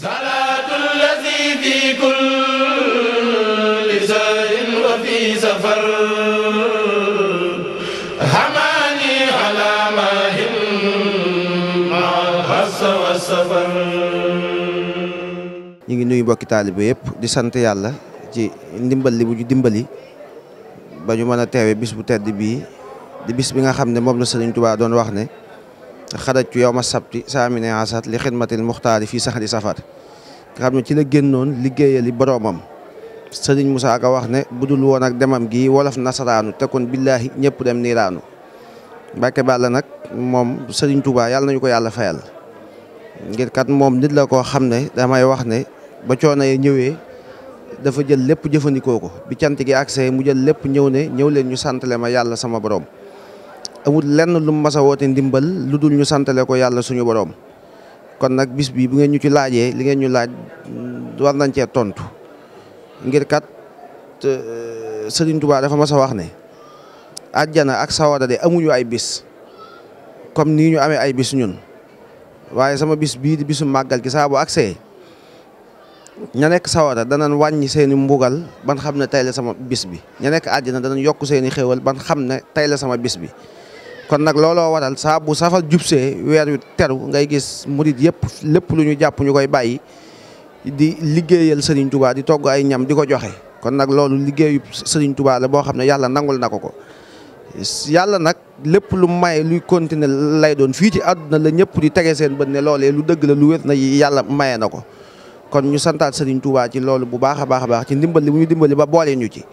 ñu ngi nuyu mbokki taalibe yëpp di sant yàlla ci ndimbal li bu ñu dimbali ba ñu mën a teewee bis bu tedd bii di bis bi nga xam ne moom la Sëriñ Tuubaa doon wax ne xadajtu yow ma sabti saamine asat li xidmatil muxtaari fii saxari safar nga xam ne ci la génnoon liggéeyali boroomam sëriñ Moussa Ka wax ne budul woon ak demam gi wolof nasaraanu te kon billaahi ñëpp dem niiraanu Mbàkke Bàlla nag moom sëriñ Touba yàlla nañu ko yàlla fayal ngir kat moom nit la ko xam ne damay wax ne ba coono yi ñëwee dafa jël lépp jëfandikoo ko bi cant gi accès mu jël lépp ñëw ne ñëw leen ñu santale ma yàlla sama borom. amul lenn lu mu mas a woote ndimbal lu dul ñu santale ko yàlla suñu borom kon nag bis bi bu ngeen ñu ci laajee li ngeen ñu laaj mm, war nañ cee tontu ngir kat euh, Sëriñ Tuubaa dafa mas a wax ne àjjana ak sawara de amuñu ay bis comme nii ñu amee ay bis ñun waaye sama bis bii di bisu màggal gi saa bu agsee ña nekk sawara danañ wàññi seeni mbugal ban xam ne tey sama bis bi ña nekk àjjana danañ yokk seeni xewal ban xam ne tey sama bis bi kon nag looloo waral saa bu safar jubsee weer wit teru ngay gis murit yëpp lépp lu ñu jàpp ñu koy bàyyi di liggéeyal Serigne Touba di togg ay ñam di ko joxe kon nag loolu liggéeyu Serigne Touba la boo xam ne yàlla nangul na ko ko yàlla nag lépp lu may luy continuer lay doon fii ci àdduna la ñëpp di tege seen bët ne loolee lu dëgg la lu wér na yàlla maye na ko kon ñu santaat Serigne Touba ci loolu bu baax a baax a baax ci ndimbal li mu ñu dimbali ba boole ñu ci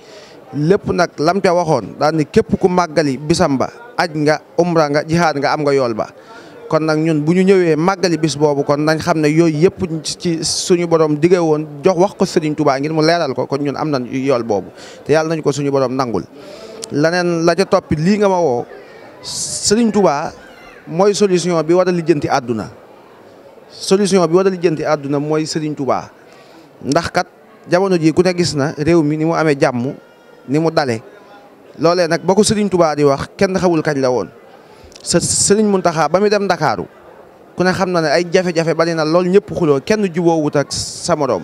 lépp nag lam ca waxoon daal ni képp ku màggali bisam ba aj nga umra nga jihaad nga am nga yool ba kon nag ñun bu ñu ñëwee màggali bis boobu kon nañ xam ne yooyu yëpp ci suñu borom dige woon jox wax ko Serigne tubaa ngir mu leeral ko kon ñun am nañ yool boobu te yàlla nañ ko suñu borom nangul. leneen la ca toppi lii nga ma woo Serigne Touba mooy solution bi war a lijjanti àdduna solution bi war a lijjanti àdduna mooy Serigne Touba ndax kat jamono ji ku ne gis na réew mi ni mu amee jàmm. ni mu dale loolee nag ba ko Serigne Touba di wax kenn xawul kañ la woon sëriñ Serigne Mountakha ba mu dem Ndakaaru ku ne xam na ne ay jafe-jafe bari na lool ñëpp xuloo kenn jubóowut ak sa morom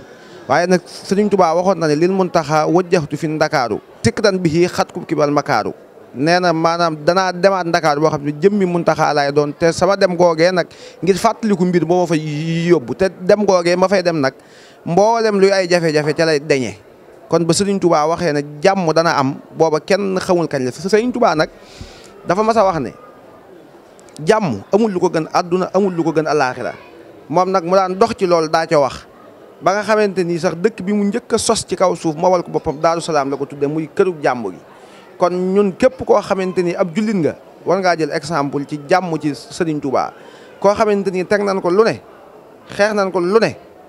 waaye nag sëriñ Touba waxoon na ne lil Mountakha wajjaxtu fi Ndakaaru sikran bi xat ku kibal makaaru nee na maanaam danaa demaat Ndakaaru boo xam ne jëmmi Mountakha laay doon te sama dem googee nag ngir fàttaliku mbir moo ma fa yóbbu te dem googee ma fay dem nag mboolem luy ay jafe-jafe ca lay deñee kon ba Serigne Touba waxee ne jàmm dana am booba kenn xamul kañ la Serigne Touba nag dafa mas wax ne jàmm amul lu ko gën àdduna amul lu ko gën alaaxira moom nag mu daan dox ci loolu daa ca wax. ba nga xamante ni sax dëkk bi mu njëkk sos ci kaw suuf mawal ko boppam Daaru Salaam la ko tuddee muy këru jàmm gi kon ñun képp koo xamante ni ab jullit nga war ngaa jël exemple ci jàmm ci Serigne Touba koo xamante ni teg nañ ko lu ne xeex nañ ko lu ne.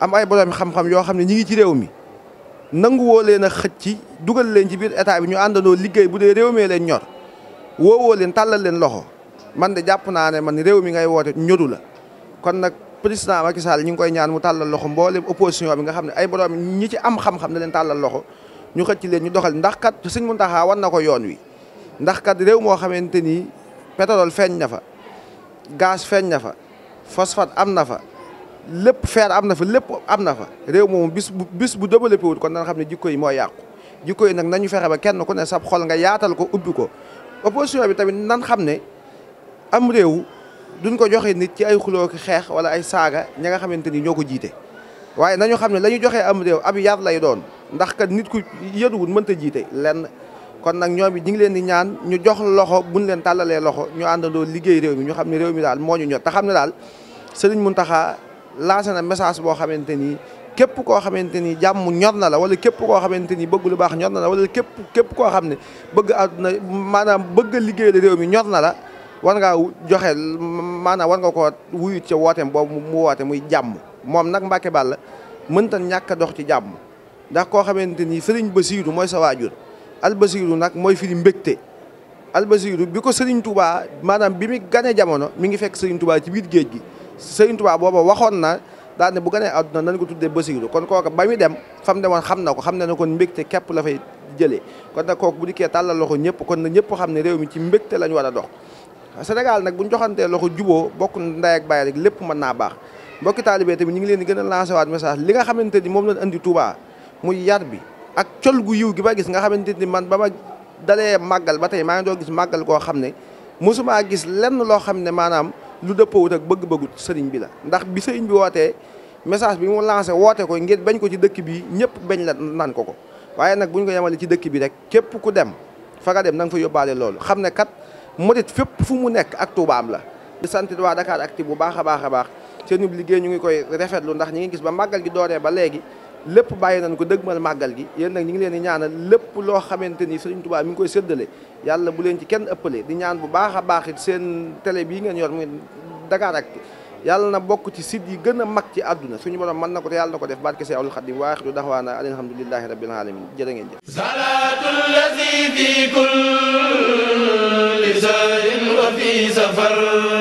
am ay borom xam-xam yoo xam ne ñi ngi ci réew mi nangu woo leen a ci dugal leen ci biir état bi ñu àndandoo liggéey bu dee réew mee leen ñor woowoo leen tàllal leen loxo man de jàpp naa ne man réew mi ngay woote ñoru la kon nag naa président Macky Sall ñu ngi koy ñaan mu tàllal loxo mboolem opposition bi nga xam ne ay borom ñi ci am xam-xam ne leen tàllal loxo ñu xëcc leen ñu doxal ndax kat sëñ Mountakha war na ko yoon wi ndax kat réew moo xamante ni pétrole feeñ na fa gaz feeñ na fa phosphate am na fa lépp feer am na fa lépp am na fa réew moom bis bu bis bu développé wul kon nan xam ne jikko yi moo yàqu jikko yi nag nañu fexe ba kenn ku ne sab xol nga yaatal ko ubbi ko opposition bi tamit nan xam ne am réew duñ ko joxe nit ci ay xuloo ki xeex wala ay saaga ña nga xamante ni ñoo ko jiite waaye nañu xam ne la ñu joxee am réew ab yar lay doon ndax kat nit ku mën ta jiite lenn kon nag ñoom it ñu ngi leen di ñaan ñu jox loxo buñ leen tàllalee loxo ñu àndandoo liggéey réew mi ñu xam ne réew mi daal moo ñu ñor xam ne daal lancé na message boo xamante ni képp koo xamante ni jàmm ñor na la wala képp koo xamante ni bëgg lu baax ñor na la wala képp képp koo xam ne bëgg àdduna maanaam bëgg liggéeyal réew mi ñor na la war ngaa joxe maanaam war nga ko wuyu ca wooteem boobu mu woote muy jàmm moom nag Mbacke Balla mënta ñàkk dox ci jàmm ndax koo xamante ni Serigne Bassirou mooy sa waajur Al Bassirou nag mooy firi mbégte Al Bassirou bi ko sëriñ Touba maanaam bi mu ganee jamono mi ngi fekk Serigne Touba ci biir géej gi. Sëriñ Tuubaa booba waxoon na daal ne bu gënee àdduna nañ ko tuddee Basiiru kon kooka ba muy dem fam demoon xam na ko xam ne ne kon mbégte képp la fay jëlee kon nag kooku bu dikkee tàllal loxo ñëpp kon na ñëpp xam ne réew mi ci mbégte lañ war a dox Sénégal nag bu ñu joxantee loxo juboo bokk ndey ak baay rek lépp mën naa baax mbokki taalibe tamit ñu ngi leen di gën a lancé waat message li nga xamante ni moom lañ andi Touba muy yar bi ak col gu yiw gi ba gis nga xamante ni man ba ma dalee màggal ba tey maa ngi doo gis màggal koo xam ne mosumaa gis lenn loo xam ne maanaam lu dëppoowut ak bëgg-bëggu sëriñ bi la ndax bi sëriñ bi wootee message bi mu lancé woote ko ngir bañ ko ci dëkk bi ñëpp bañ la nan ko ko waaye nag bu ñu ko yemalee ci dëkk bi rek képp ku dem fa dem na nga fa yóbbaale loolu xam ne kat murit fépp fu mu nekk ak tuubaam la di santit waa Dakaractu bu baax a baax a baax seenub liggéey ñu ngi koy rafetlu ndax ñu ngi gis ba màggal gi dooree ba léegi lépp bàyyi nañ ko dëgmal màggal gi yéen nag ñu ngi leen di ñaanal lépp loo xamante ni Serigne Touba mi ngi koy séddale yàlla bu leen ci kenn ëppale di ñaan bu baax baax it seen télé bii ngeen yor muy Dakaractu yàlla na bokk ci site yi gën a mag ci àdduna suñu borom mën na ko te yàlla na ko def barke wa aaxiru daxwaana alhamdulillahi rabbil aalamiin jërë ngeen jëf salaatul lazi fi kulli sahrin wa fi safar